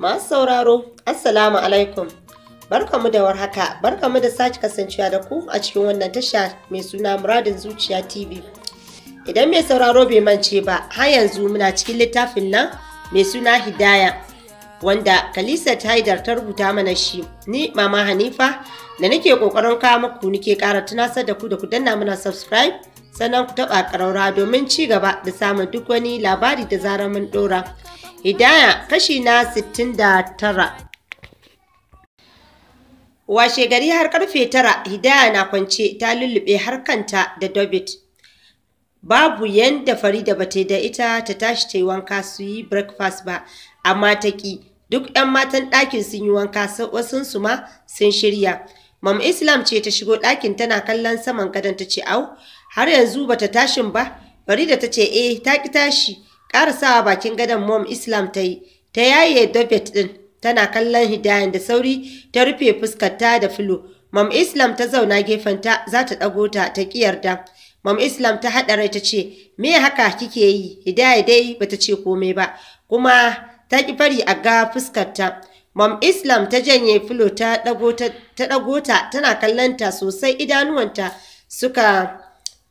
Masu sauraro, Assalamu alaikum. Barkamu da warhaka, barkamu da sake kasancewa da ku a cikin wannan tasha mai suna Muradin Zuciya TV. Idan mai sauraro bai mance ba, har yanzu muna cikin littafin nan mai suna Hidaya, wanda Kalisa Haidar ta rubuta mana shi. Ni Mama Hanifa da nake kokarin kawo muku nike kara tunasar da ku da ku danna mana subscribe sannan ku taɓa ƙaraura domin ci gaba da samun duk wani labari da zarar mun ɗora. Hidaya kashi na 69. Washe gari har karfe tara Hidaya na kwance ta lullube har kanta da Dobit. Babu yanda Farida ba ta da ita ta tashi ta yi wanka su yi breakfast ba, amma ta ki duk 'yan matan ɗakin sun yi wanka su ma sun shirya. Mam Islam ce ta shigo ɗakin tana kallon saman gadon ta ce au, har yanzu bata tashin ba, Farida ta ce eh ta ki tashi. Ƙarasawa bakin gadon mom Islam ta yi, ta yaye dobet ɗin tana kallon hidayen da sauri ta rufe fuskarta da filo. mom Islam ta zauna gefenta za ta ɗago ta ta yarda. mom Islam ta haɗa rai ta ce, Me haka kike yi? Hidaya dai bata ce komai ba, kuma ta ƙi fari a ga fuskarta. mom Islam ta janye filo ta ɗago ta tana ta sosai idanuwanta suka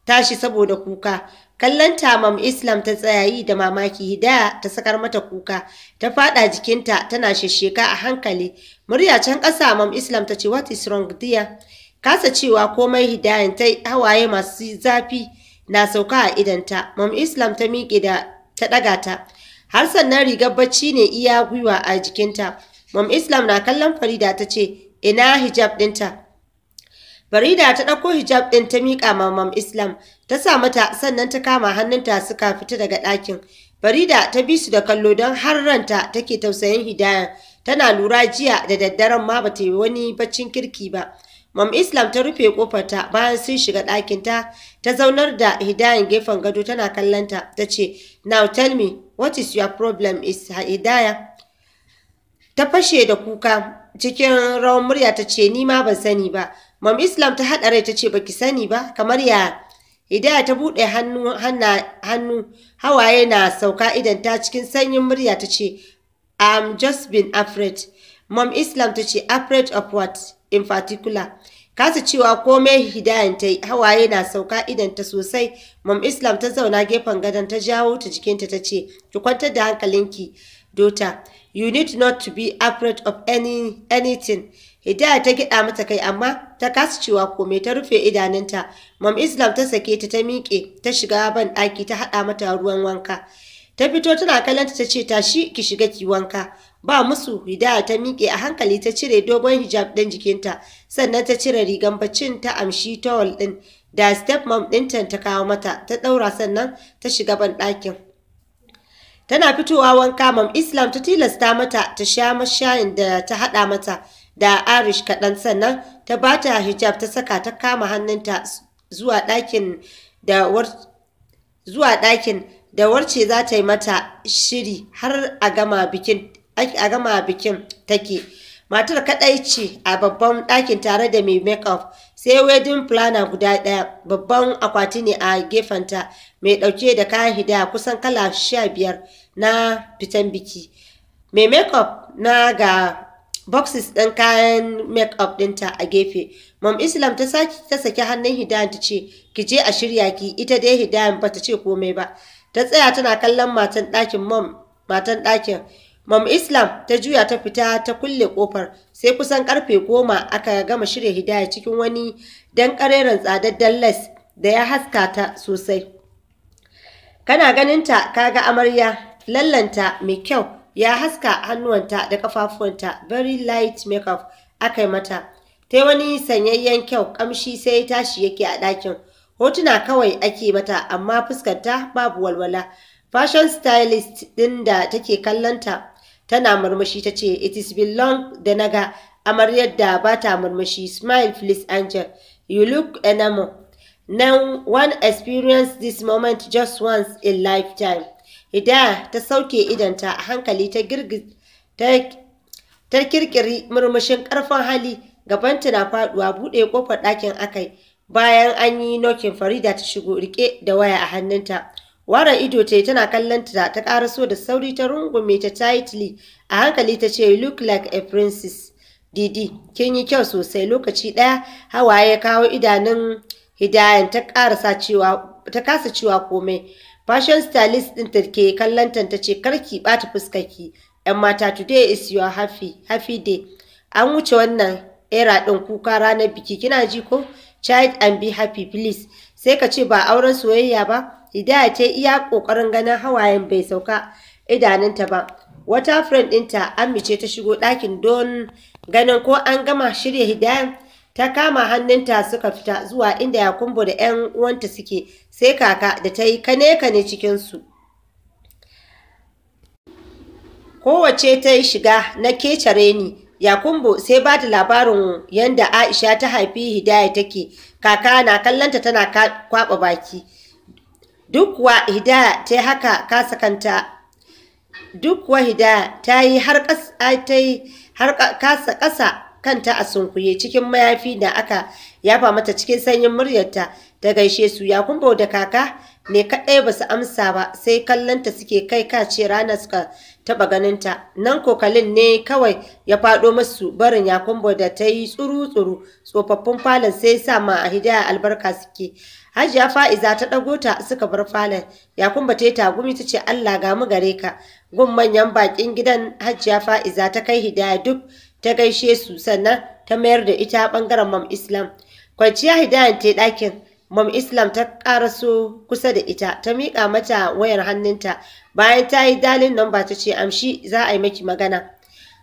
tashi saboda kuka. Kallon tamam Islam ta tsayayi da mamaki Hidaya ta sakar mata kuka, ta fada jikinta tana shesheka a hankali. Murya can ƙasa mam Islam ta ce what is wrong dear? Kasa cewa komai Hidayan ta hawaye masu zafi na sauka a idanta. Mam Islam ta miƙe da ta ɗaga ta. Har sannan rigar bacci ne iya gwiwa a jikinta. Mam Islam na kallon Farida ta ce ina hijab ɗinta. farida ta ɗauko hijab ɗin ta miƙa ma Mam Islam, ta sa mata sannan ta kama hannunta suka fita daga ɗakin. farida ta bi su da kallo don har ranta take tausayin hidaya, tana lura jiya da daddaren ma ba ta yi wani baccin kirki ba. Mam Islam ta rufe ƙofarta, bayan sun shiga ɗakinta, ta zaunar da hidayan gefen gado tana kallonta, ta ce, Now tell me, what is your problem is hidaya? Ta fashe da kuka cikin rawan murya ta ce, Ni ma ban sani ba, Mam Islam ta haɗa rai ta ce baki sani ba kamar ya Hidaya ta buɗe hannu hannu hawaye na sauka idan ta cikin sanyin murya ta ce I'm just been afraid. Mom Islam ta ce afraid of what in particular. Kasa cewa komai hidayen ta hawaye na sauka idan ta sosai. mam Islam ta zauna gefen gadon ta jawo ta jikinta ta ce ki kwantar da hankalinki dota. You need not to be afraid of any anything. Hidaya ta gida mata kai amma ta kasu cewa komai ta rufe idanunta. Mam Islam ta sake ta ta miƙe ta shiga ban ɗaki ta haɗa mata ruwan wanka. Ta fito tana kallonta ta ce tashi ki shiga ki wanka. Ba musu Hidaya ta miƙe a hankali ta cire dogon hijab ɗin jikinta sannan ta cire rigan baccin ta amshi towel ɗin da step mam ɗinta ta kawo mata ta ɗaura sannan ta shiga ban ɗakin. Tana fitowa wanka mam Islam ta tilasta mata ta sha mashayin da ta haɗa mata. da arish kaɗan sannan ta ba ta hijab ta saka ta kama hannunta zuwa ɗakin da warce za ta yi mata shiri har a gama bikin take matar kaɗai ce a babban ɗakin tare da mai make sai wedding planner guda ɗaya babban akwati ne a gefenta mai ɗauke da kayan hidaya kusan kala sha biyar na fitan biki mai make na ga boxes ɗin kayan make-up ɗinta a gefe. Mom Islam ta saki ta saki hannun Hidayan ta ce, ki je a shirya ki, ita dai Hidayan ba ta ce komai ba. Ta tsaya tana kallon matan ɗakin mom, matan ɗakin. Mam Islam ta juya ta fita ta kulle kofar sai kusan karfe goma aka gama shirya Hidaya cikin wani dan kareren tsadaddan les da ya haska ta sosai. Kana ganin ganinta kaga amarya lallanta mai kyau ya haska hannuwanta da kafafuwanta very light makeup aka mata tai wani sanyayyen kyau kamshi sai tashi yake a ɗakin hotuna kawai ake mata amma fuskanta babu walwala fashion stylist ɗin da take kallonta tana murmushi ta ce it is been long da naga amaryar da ba ta murmushi smile please angel you look enamel now one experience this moment just once in lifetime Hidaya ta sauke idanta a hankali ta ta kirkiri murmushin ƙarfin hali gabanta na faduwa buɗe kofar ɗakin akai bayan an yi nokin Farida ta shigo rike da waya a hannunta. Wara ido yi tana kallon ta ta karaso da sauri ta rungume ta tightly a hankali ta ce look like a princess. Didi, kin yi kyau sosai lokaci ɗaya hawaye kawo idanun hidayen ta kasa cewa komai. Fashion stylist ɗin ta ke kallon ta ce karki fuska ki' ‘Yan mata today is your happy, happy day. An wuce wannan era ɗin kuka ranar biki kina ji ko? Child and be happy please. Sai ka ce ba auren soyayya ba. Hidaya ta iya ƙoƙarin ganin hawayen bai sauka idanunta ba. Wata friend ɗinta amince ta shigo ɗakin don ganin ko an gama shirya hidayan ta kama hannunta suka fita zuwa inda yakumbo da 'yan uwanta suke sai kaka da ta yi kane-kane cikinsu kowace ta yi shiga na kecare ni yakumbo sai ba da labarin yadda aisha ta haifi hidaya take kaka na kallonta tana kwaba baki duk wa hidaya ta yi haka kasa kanta duk wa hidaya ta yi har kasa ƙasa kanta a sunkuye cikin mayafi da aka yafa mata cikin sanyin muryarta ta gaishe su ya kumbo da kaka ne kaɗai ba su amsa ba sai kallonta suke kai kace ranar suka taɓa ganinta nan kokalin ne kawai ya faɗo masu barin ya kumbo da ta yi tsuru-tsuru tsofaffin falon sai sa ma a hidaya albarka suke hajiya fa'iza ta ɗago ta suka bar falon ya kumba ta yi tagumi ta ce allah ga mu gare ka gun manyan bakin gidan hajiya fa'iza ta kai hidaya duk ta gaishe su sannan ta mayar da ita ɓangaren mam islam kwanciya hidayar ta ɗakin mam islam ta su kusa da ita ta miƙa mata wayar hannunta bayan ta yi dalin namba ta ce amshi za a yi maki magana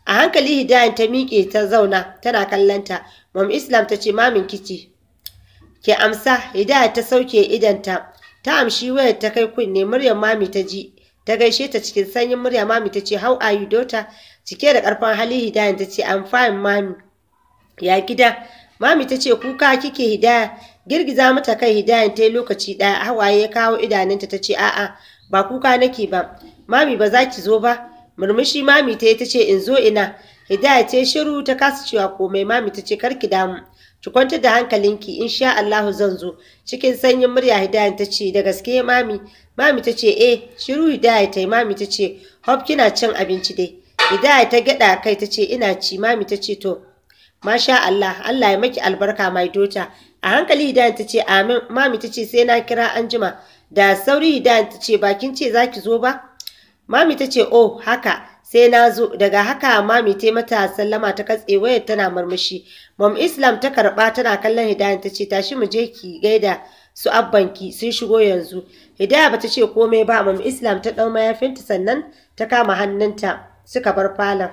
a hankali hidayar ta miƙe ta zauna tana kallonta mam islam ta ce mamin kici ke amsa hidaya ta sauke idanta ta amshi wayar ta kai kunne muryar mami ta ji ta gaishe ta cikin sanyin murya mami ta ce how are you daughter cike da ƙarfin hali hidaya ta ce I'm fine mami ya gida mami ta ce kuka kike hidaya girgiza mata kai hidayan ta yi lokaci ɗaya hawaye ya kawo idanunta ta ce a'a ba kuka nake ba mami ba za ki zo ba murmushi mami ta yi ta ce in zo ina hidaya ta shiru ta kasa cewa komai mami ta ce kar ki damu ki kwantar da hankalinki sha Allahu zan zo cikin sanyin murya hidayan ta ce da gaske mami mami ta ce eh shiru hidaya ta yi mami ta ce hop kina cin abinci dai Hidaya ta gyaɗa kai ta ce ina ci mami ta ce to masha Allah Allah ya maki albarka mai dota a hankali Ida ta ce amin mami ta ce sai na kira anjima da sauri Ida ta ce bakin ce zaki zo ba mami ta ce oh haka sai na zo daga haka mami ta mata sallama ta katse wayar tana murmushi mom islam ta karba tana kallon Ida ta ce tashi mu je ki gaida su abbanki sun shigo yanzu hidaya ta ce komai ba mom islam ta dau mayafinta sannan ta kama hannunta suka bar falon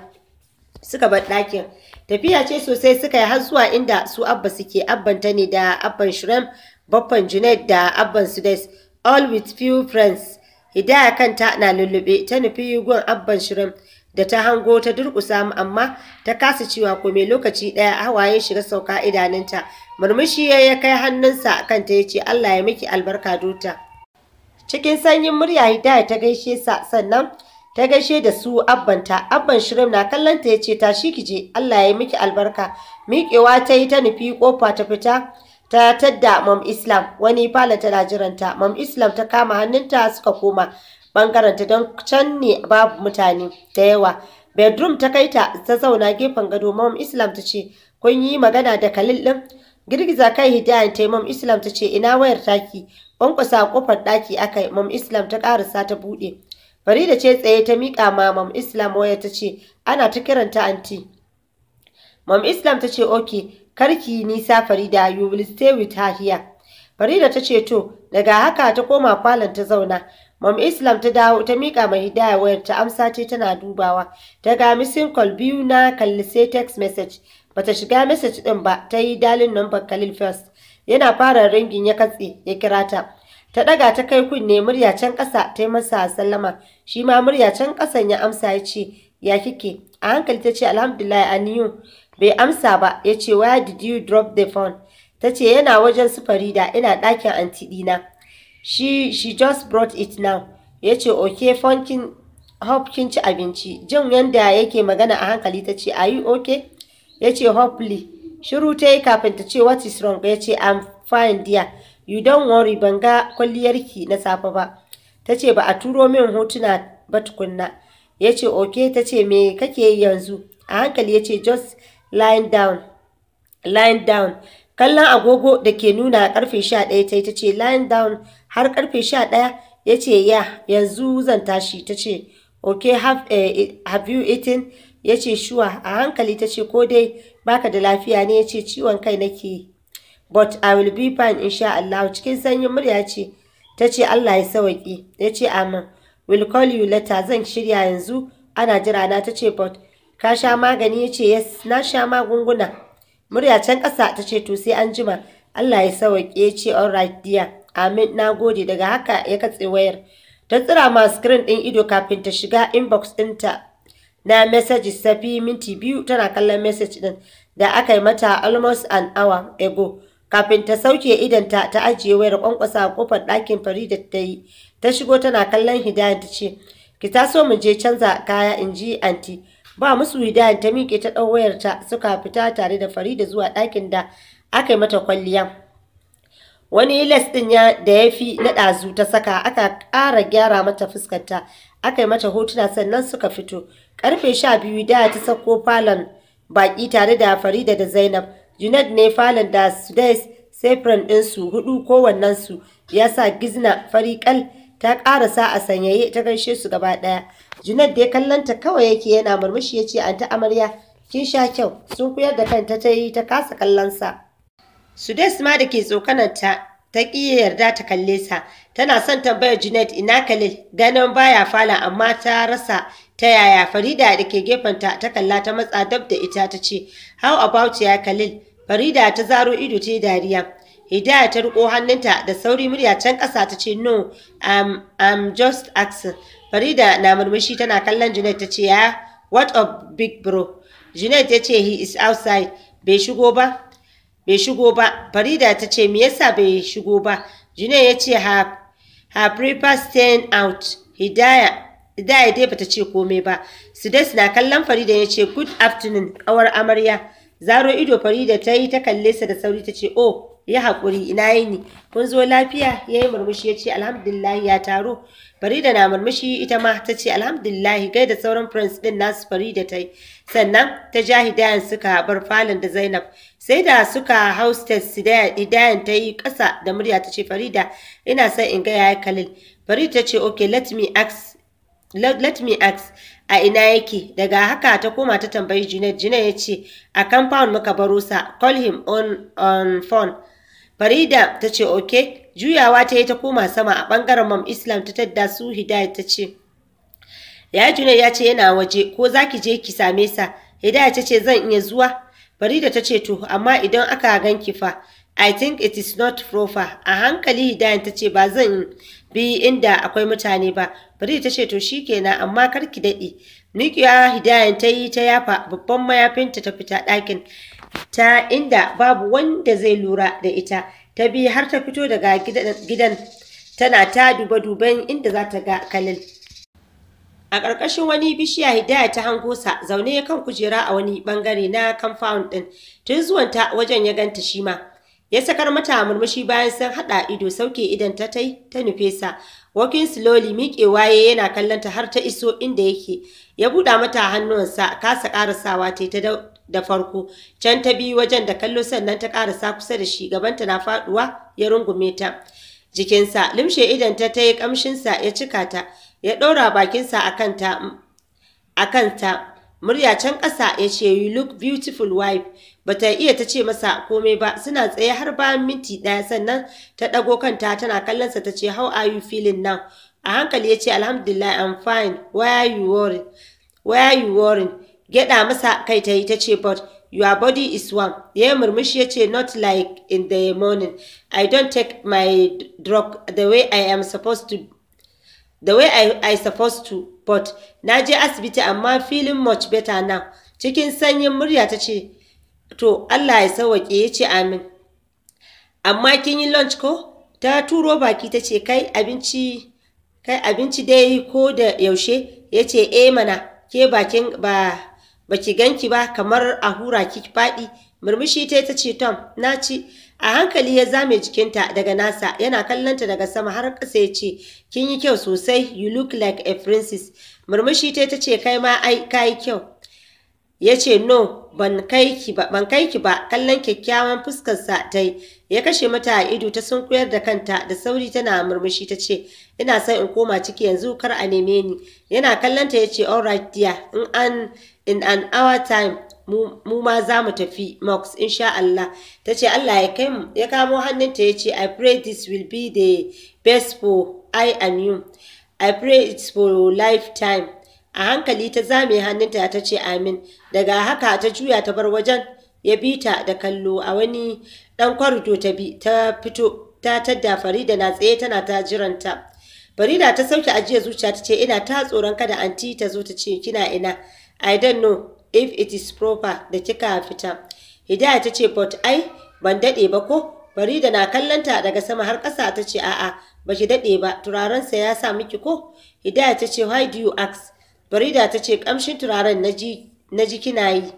suka bar ɗakin tafiya ce sosai suka yi har zuwa inda su abba suke abban ta ne da abban shirem baffan junaid da abban sudes all with few friends hidaya kanta na lullube ta nufi gun abban shirem da ta hango ta durkusa mu amma ta kasa cewa komai lokaci ɗaya hawaye shiga sauka idanunta murmushi ya kai hannunsa kanta ya ce Allah ya miki albarka dota. cikin sanyin murya hidaya ta gaishe sa sannan ta gaishe da su abbanta abban shirin na kallon ta yace tashi ki je Allah ya yi miki albarka miƙewa ta yi ta nufi kofa ta fita ta tadda mam islam wani falon tana jiranta mam islam ta kama hannunta suka koma bangaren don can ne babu mutane da yawa bedroom ta kai ta zauna gefen gado mam islam ta ce kun yi magana da kalil din girgiza kai hidayen ta mam islam ta ce ina wayar taki kwankwasa kofar ɗaki akai mam islam ta karasa ta buɗe. Farida ce tsaye ta miƙa ma Mam Islam waya ta ce ana ta kiranta anti. Mam Islam ta ce okay karki nisa Farida you will stay with her here. Farida ta ce to daga haka ta koma falon ta zauna. Mam Islam ta dawo ta miƙa mai hidaya wayar ta amsa ce tana dubawa. Ta ga missing call biyu na kalli sai text message. Bata shiga message ɗin ba ta yi dalin number Khalil first. Yana fara ringin ya katse ya kira ta. ta ɗaga ta kai kunne murya can ƙasa ta yi masa sallama shi ma murya can ƙasan ya amsa ya ce ya kike a hankali ta ce alhamdulillah aniyu bai amsa ba ya ce why did you drop the phone ta ce yana wajen su farida ina ɗakin anti ɗina she, she just brought it now ya ce okay phone hope kin ci abinci jin yadda yake magana a hankali ta ce are you okay ya ce hopefully shiru ta yi kafin ta ce what is wrong ya ce i'm fine dear you don't worry ban ga kwalliyarki na safe ba ta ce ba a turo min hotuna ba tukunna ya ce ok ta ce me kake yi yanzu a hankali ya ce just lying down lying down kallon agogo da ke nuna karfe 11 ta yi ta ce lying down har karfe 11 ya ce ya yanzu zan tashi ta ce ok have, uh, have you eaten ya ce shuwa a hankali ta ce ko dai baka da lafiya ne ya ce ciwon kai nake but I will be fine insha Allah cikin sanyin murya ce ta ce Allah ya sauki ya ce amin will call you later zan shirya yanzu ana jira na ta ce but ka sha magani ya ce yes na sha magunguna murya can ƙasa ta ce to sai an jima Allah ya sauki ya ce all right dear amin na gode daga haka ya katse wayar ta tsira ma screen ɗin ido kafin ta shiga inbox ɗinta na messages ta fi minti biyu tana kallon message din. da aka yi mata almost an hour ago kafin ta sauke idanta ta ajiye wayar kwankwasa a kofar ɗakin Farida ta yi ta shigo tana kallon Hidayat ta ce ki so mu je canza kaya in ji anti ba musu Hidayat ta miƙe ta ɗau wayarta suka fita tare da Farida zuwa ɗakin da aka yi mata kwalliya wani les ɗin ya da ya fi na ɗazu ta saka aka ƙara gyara mata fuskarta aka yi mata hotuna sannan suka fito ƙarfe sha biyu da ta sako falon baƙi tare da Farida da Zainab Junet ne falon da Sudais su ɗinsu hudu su, ya sa Gizna Farikal ta ƙarasa a sanyaye ta gaishe su gaba ɗaya. Junet dai kallonta kawai yake yana murmushi ya ce an ta amarya kin sha kyau sun kuyar da kanta ta yi ta kasa kallonsa. Sudes ma da ke tsokananta ta ƙi yarda ta kalle sa tana son tambayar Junet ina Khalil ganin baya fala amma ta rasa ta yaya farida da ke gefenta ta kalla ta matsa dab da ita ta ce how about ya khalil farida ta zaro ido ta dariya hidaya ta riko hannunta da sauri murya can ƙasa ta ce no i'm, I'm just asking farida na murmushi tana kallon junaid ta ce ya what of big bro junaid ya ce he is outside bai shigo ba bai shigo ba farida ta ce me yasa bai shigo ba junaid ya ce Ha, ha prefer staying out hidaya ya dai bata ce komai ba. Sudais na kallon Farida ya ce good afternoon kawar amarya. Zaro ido Farida ta yi ta kalle sa da sauri ta ce oh ya haƙuri ina yi ni kun zo lafiya ya yi murmushi ya ce alhamdulillahi ya taro farida na murmushi ita ma ta ce alhamdulillahi gai da sauran prince din nasu farida ta yi sannan ta ja hidayan suka bar falon da zainab sai da suka hostess hidayan ta yi ƙasa da murya ta ce farida ina son in gaya ya kalil farida ta ce okay let me ask let me ask a ina yake daga haka ta koma ta tambayi Junaid Junaid ya ce a compound muka baro sa call him on on phone Farida ta ce okay juyawa ta yi ta koma sama a bangaren mam Islam ta tadda su Hidayat ta ce ya Junaid ya ce yana waje ko zaki je ki same sa Hidayat ta ce zan iya zuwa Farida ta ce to amma idan aka ganki fa I think it is not proper. A hankali Hidayat ta ce ba zan bi inda akwai mutane ba, bari ta ce to shi kenan amma kar ki daɗi. Miƙiya hidayen ta yi ta yafa babban mayafinta ta fita ɗakin ta inda babu wanda zai lura da ita. Ta bi har ta fito daga gidan tana ta duba-duban inda za ta ga Khalil. A ƙarƙashin wani bishiya Hidaya ta hango sa zaune kan kujera a wani ɓangare na compound ɗin. Tun zuwanta wajen ya ganta shi ma. ya sakar mata murmushi bayan sun haɗa ido sauke idan ta tai ta nufe sa walking slowly miƙe waye yana kallon ta har ta iso inda yake ya buɗa mata hannuwansa kasa ƙarasawa ta ta da farko can ta biyu wajen da kallo sannan ta ƙarasa kusa da shi gabanta na faɗuwa ya rungume ta jikinsa limshe idan ta ta yi ƙamshinsa ya cika ta ya ɗora bakinsa a kanta a kanta murya can ƙasa ya ce you look beautiful wife bata iya ta ce masa komai ba suna tsaye har bayan minti ɗaya sannan ta ɗago kanta tana kallonsa ta ce how are you feeling now a hankali ya ce alhamdulillah I'm fine why are you worried why are you worried gyaɗa masa kai ta yi ta ce but your body is warm ya yi murmushi ya ce not like in the morning I don't take my drug the way I am supposed to the way I, I supposed to but na je asibiti amma feeling much better now cikin sanyin murya ta ce to Allah ya sauwaƙe ya ce amin amma kin yi lunch ko ta turo baki ta ce kai abinci kai abinci dai ko da yaushe ya ce E mana ke bakin ba baki ganki ba kamar a hura ki faɗi murmushi ta ta ce tom na ci a hankali ya zame jikinta daga nasa yana kallonta daga sama har kasa ya ce kin yi kyau sosai you look like a princess murmushi ta ta ce kai ma ai kai kyau ya ce no ban kai ki ba kallon kyakkyawan fuskarsa ta yi ya kashe mata ido ta sunkuyar da kanta da sauri tana murmushi ta ce ina son in koma ciki yanzu kar a neme ni yana kallonta ya ce all right dear in an in an hour time mu ma za mu tafi Mox insha Allah ta ce Allah ya ya kamo hannunta ya ce I pray this will be the best for I and you I pray it's for lifetime a hankali ta zame hannunta ta ce amin daga haka ta juya ta bar wajen ya bi ta da kallo a wani dan kwarto ta bi ta fito ta tadda Farida na tsaye tana ta jiranta Farida ta sauke ajiyar zuciya ta ce ina ta tsoron kada anti ta zo ta ce kina ina I don't know if it is proper da kika fita hidaya ta ce but ai ban daɗe ba ko bari da na kallanta daga sama har ƙasa ta ce a'a ba ki daɗe ba turarensa ya sa miki ko hidaya ta ce why do you ask da ta ce kamshin turaren na ji kina yi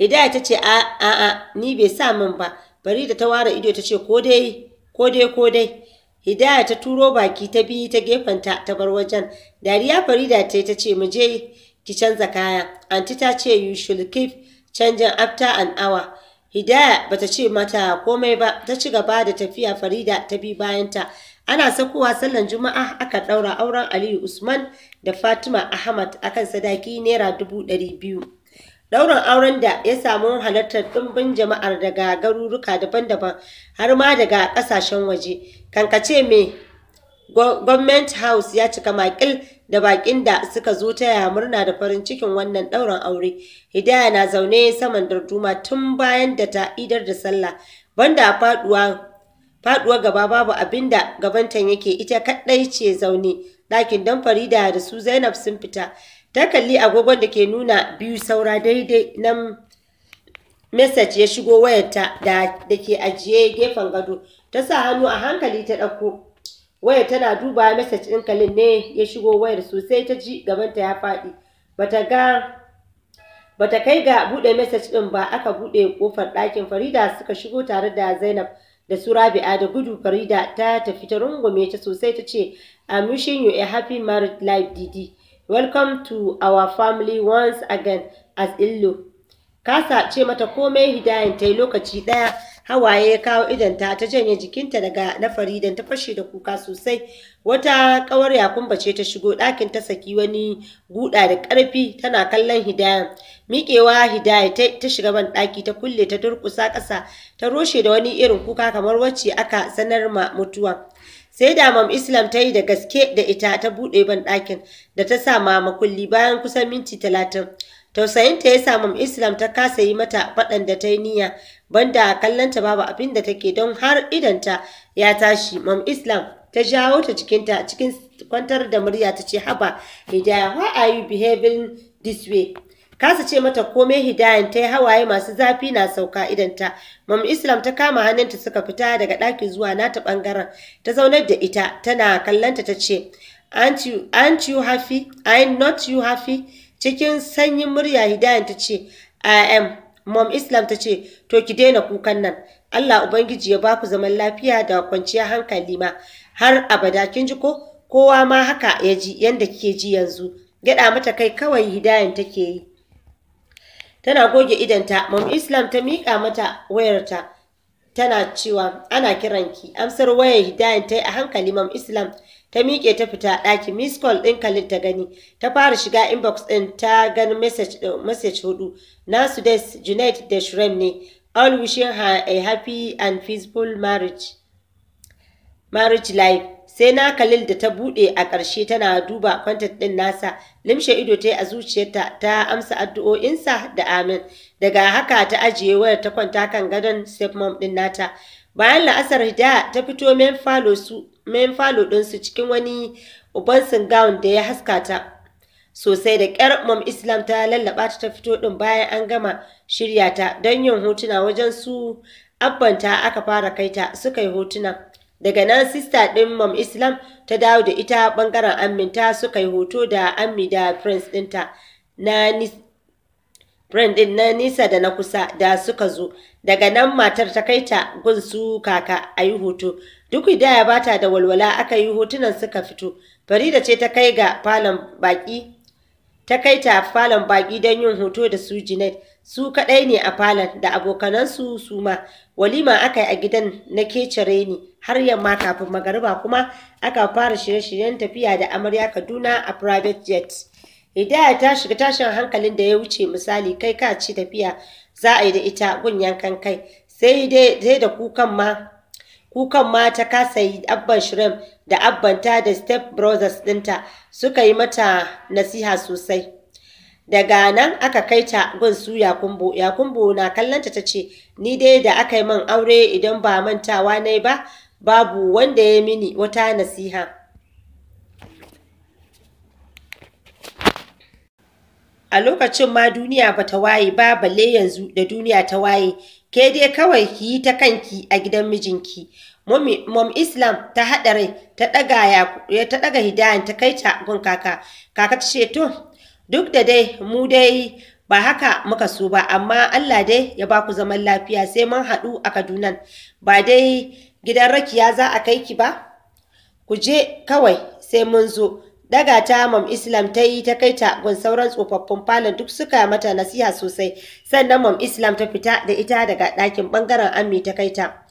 hidaya ta ce a'a ni bai sa min ba Farida ta ware ido ta ce ko dai ko dai ko dai hidaya ta turo baki ta bi ta gefenta ta bar wajen dariya farida ta ta ce mu je ki canza kaya anti ta ce you should keep changing after an hour hidaya bata ce mata komai ba ta ci gaba da tafiya farida ta bi bayanta ana sakowa sallan juma'a aka ɗaura auren aliyu usman da fatima ahmad akan sadaki naira dubu ɗari biyu Ɗaurin auren da ya samu halartar ɗumbin jama'ar daga garuruka daban-daban har ma daga ƙasashen waje. Kankace mai Government House ya cika makil da bakin da suka zo taya murna da farin cikin wannan ɗaurin aure. Hidaya na zaune saman darduma tun bayan da ta idar da sallah, banda a faduwa faduwa gaba babu abinda gabantan yake ita kaɗai ce zaune. Ɗakin don Farida da su Zainab sun fita. Ta kalli agogon da ke nuna biyu saura daidai nan message ya shigo wayarta da ke ajiye gefen gado. Ta sa hannu a hankali ta ɗauko wayar tana duba message ɗin kalin ne ya shigo wayar sosai ta ji gabanta ya faɗi bata ga bata kai ga buɗe message ɗin ba aka buɗe kofar ɗakin farida suka shigo tare da zainab da su rabi'a da gudu farida ta tafi ta rungume ta sosai ta ce i'm wishing you a happy married life didi welcome to our family once again as illo kasa ce mata komai hidayen ta yi lokaci ɗaya hawaye ya kawo idanta ta janye jikinta daga na faridan ta fashe da kuka sosai wata kawar yakumba ce ta shigo ɗakin ta saki wani guda da ƙarfi tana kallon hidaya miƙewa hidaya ta shiga ban ɗaki ta kulle ta durƙusa ƙasa ta roshe da wani irin kuka kamar wacce aka sanar ma mutuwa sai da mam islam ta yi da gaske da ita ta buɗe ban ɗakin da ta sa ma makulli bayan kusan minti talatin tausayinta ya sa mam islam ta kasa yi mata faɗan da ta yi niyya banda kallanta babu abin da take don har idanta ya tashi mam islam ta jawo ta cikinta cikin kwantar da murya ta ce haba hidaya why are you behaving this way kasa ce mata komai hidayan ta yi hawaye masu zafi na sauka idanta mam islam ta kama hannunta suka fita daga ɗakin zuwa nata ɓangaren ta zaunar da ita tana kallanta ta ce aren't you, aren't you happy i'm not you happy cikin sanyin murya hidayan ta ce i am Mom Islam ta ce, To ki daina kukan nan, Allah Ubangiji ya baku zaman lafiya da kwanciyar hankali ma, har abada kin ji ko? Kowa ma haka ya ji yadda kike ji yanzu, gyaɗa mata kai kawai hidayen take yi. Tana goge idanta, Mom Islam ta miƙa mata wayarta, tana cewa ana kiranki, amsar wayar hidayen ta yi a hankali Mom Islam ta miƙe ta fita ɗaki miss call ɗin Khalid ta gani ta fara shiga inbox ɗin ta gani message eh, message hudu nasu da Junaid da shrem ne all wishing her a happy and peaceful marriage marriage life sai na Khalil da ta buɗe a ƙarshe tana duba kwantat ɗin nasa limshe ido ta yi a zuciyarta ta amsa addu'o'insa da amin daga haka ta ajiye wayar ta kwanta kan gadon stepmom ɗin nata bayan la'asar hidaya ta fito men falo su main falo ɗinsu cikin wani ubansin gown da ya haska ta sosai da ƙyar mom islam ta lallaba ta fito ɗin bayan an gama shirya ta don yin hotuna wajen su abbanta aka fara kaita ta suka yi hotuna daga nan sista ɗin mom islam ta dawo da ita ɓangaren aminta suka yi hoto da ammi da prince ɗinta na friend din na nisa da na kusa da suka zo daga nan matar ta kaita ta kaka ayi hoto Duk hidaya ba ta da walwala aka yi hotunan suka fito. Farida ce ta kai ga falon baki ta kai ta falon baki don yin hoto da su jinet Su kaɗai ne a falon da abokanansu su ma. Walima aka yi a gidan na kecere ne har yamma kafin magariba kuma aka fara shirye-shiryen tafiya da amarya Kaduna a private jet. Hidaya ta shiga tashin hankalin da ya wuce misali kai ka ci tafiya za a yi da ita gun yankan kai sai dai da kukan ma kukan ma ta kasa yi abban shrimp da abbanta da step brothers dinta, suka yi mata nasiha sosai daga nan aka kai ta gun su yakumbo yakumbo na kallanta ta ce ni dai da aka yi min aure idan ba mantawa na ba babu wanda ya mini wata nasiha a lokacin ma duniya ba ta waye ba balle yanzu da duniya ta waye ke dai kawai ki yi ta kanki a gidan mijinki mom islam ta haɗa rai ta ɗaga hidayen ta kai ta gun kaka kaka ta ce to duk da dai mu dai ba haka muka so ba amma allah dai ya ba ku zaman lafiya sai mun haɗu a kadunan ba dai gidan rakiya za a kai ki ba ku je kawai sai mun zo daga ta mam islam ta yi ta kai ta gun sauran tsofaffin falon duk suka mata nasiha sosai sannan mam islam ta fita da ita daga ɗakin ɓangaren Ami ta kai ta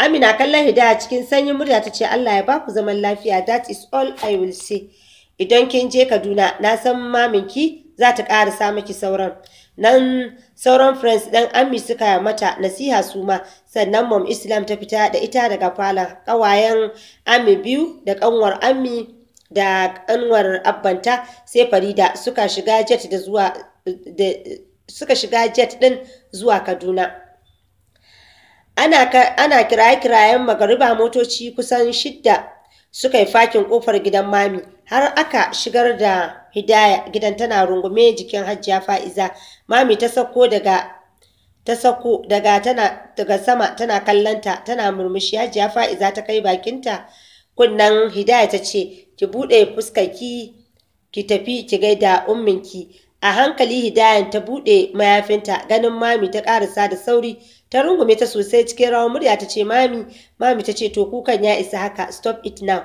amina kallon hidaya cikin sanyin murya ta ce allah ya baku zaman lafiya that is all i will say idan kin je kaduna na san maminki za ta sa miki sauran nan sauran friends ɗan ammi suka mata nasiha su ma sannan mom islam ta fita da ita daga falon ƙawayen Ami biyu da ƙanwar ammi da kanwar abbanta sai farida suka shiga jet da zuwa da suka shiga jet din zuwa kaduna ana, ana kiraye-kirayen magariba motoci kusan shidda suka yi fakin kofar gidan mami har aka shigar da hidaya gidan tana rungume jikin hajjiya fa'iza mami ta sako daga ta sako daga tana daga sama tana kallanta tana murmushi hajjiya fa'iza ta kai bakinta Kunnan Hidaya ta ce, Ki buɗe fuskarki ki tafi ki gaida umminki. A hankali Hidayan ta buɗe mayafinta ganin mami ta ƙarasa da sauri ta rungume ta sosai cikin rawar murya ta ce mami mami ta ce to kukan ya isa haka stop it now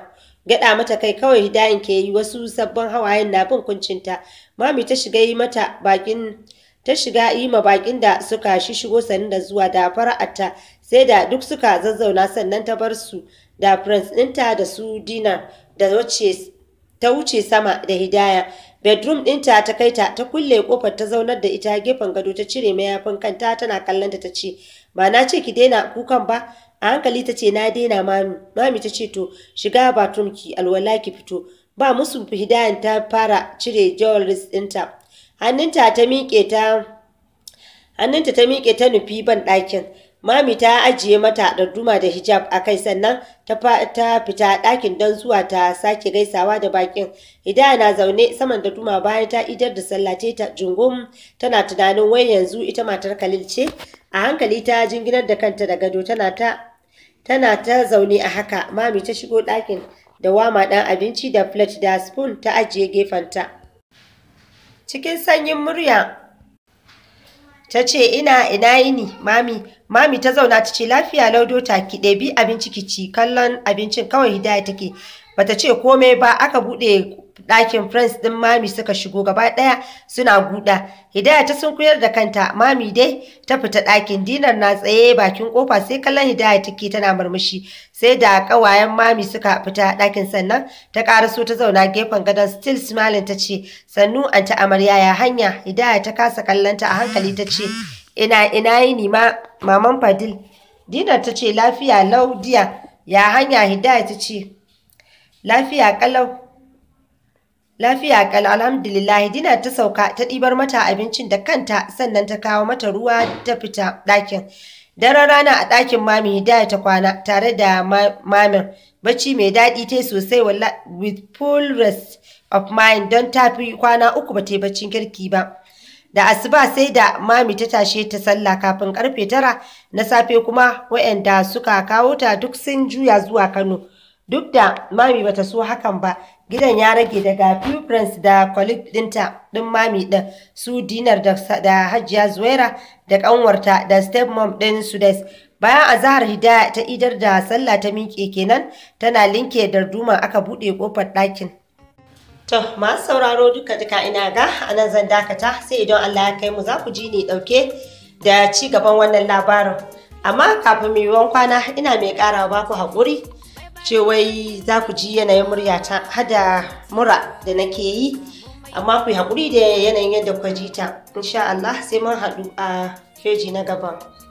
gaɗa mata kai kawai hidayan ke yi wasu sabbin hawayen na bin kuncinta mami ta shiga yi mata bakin ta shiga yi ma bakin da suka shi shigo sanin da zuwa da fara'arta sai da duk suka zazzauna sannan ta bar su da prince ɗinta da su dina da ta wuce sama da hidaya bedroom ɗinta ta kai ta ta kulle kofar ta zaunar da ita gefen gado ta cire mayafin kanta tana kallon ta ce ba na ce ki daina kukan ba a hankali ta ce na daina mami mami ta ce to shiga bathroom ki alwala ki fito ba musu hidayan ta fara cire jewelries ɗinta hannunta ta miƙe ta hannunta ta miƙe ta nufi ban ɗakin Mami ta ajiye mata ɗarduma da hijab a kai sannan ta fita ɗakin don zuwa ta sake gaisawa da bakin. Hidaya na zaune saman ɗarduma bayan ta idar da sallace ta jungum tana tunanin wai yanzu ita matar Khalil ce. A hankali ta jinginar da kanta da gado tana ta tana ta zaune a haka. Mami ta shigo ɗakin da wama ɗan abinci da plate da spoon ta ajiye gefenta. Cikin sanyin murya ta ce ina ina yini mami mami ta zauna ta ce lafiya laudota ki ɗabi abinci ki ci kallon abincin kawai hidaya take bata ce komai ba aka buɗe ɗakin friends ɗin mami suka shigo gaba ɗaya suna guda hidaya ta sun kuyar da kanta mami dai ta fita ɗakin dinar na tsaye bakin kofa sai kallon hidaya take tana murmushi sai da ƙawayen mami suka fita ɗakin sannan ta so ta zauna gefen gadon still smiling ta ce sannu an ta amarya ya hanya hidaya ta kasa kallonta a hankali ta ce ina ina yi ni ma maman fadil dinar ta ce lafiya lau diya ya hanya hidaya ta ce lafiya kalau Lafiya kal alhamdulillah dina ta sauka ta ɗibar mata abincin da kanta sannan ta kawo mata ruwa ta fita ɗakin. Daren rana a ɗakin mami Hidaya ta kwana tare da mamin bacci mai daɗi ta sosai with full rest of mind don ta fi kwana uku ba ta yi baccin kirki ba. Da asuba sai da mami ta tashe ta sallah kafin karfe tara na safe kuma waɗanda suka kawo ta duk sun juya zuwa Kano. duk da mami bata so hakan ba gidan ya rage daga few friends da colleague dinta din mami din su dinar da, da hajiya zuwaira da kanwarta da step mom din su des bayan azahar hidaya ta idar da sallah ta miƙe kenan tana linke darduma aka buɗe kofar ɗakin To, masu sauraro duka duka ina ga anan zan dakata sai idan Allah ya kai mu za ku ji ni ɗauke da ci gaban wannan labarin. Amma kafin mai yi kwana ina mai ƙara ba ku haƙuri. ce wai za ku ji yanayin muryata hada mura da nake yi amma ku yi haƙuri da yanayin yadda ku ji ta insha Allah sai mun haɗu a feji na gaban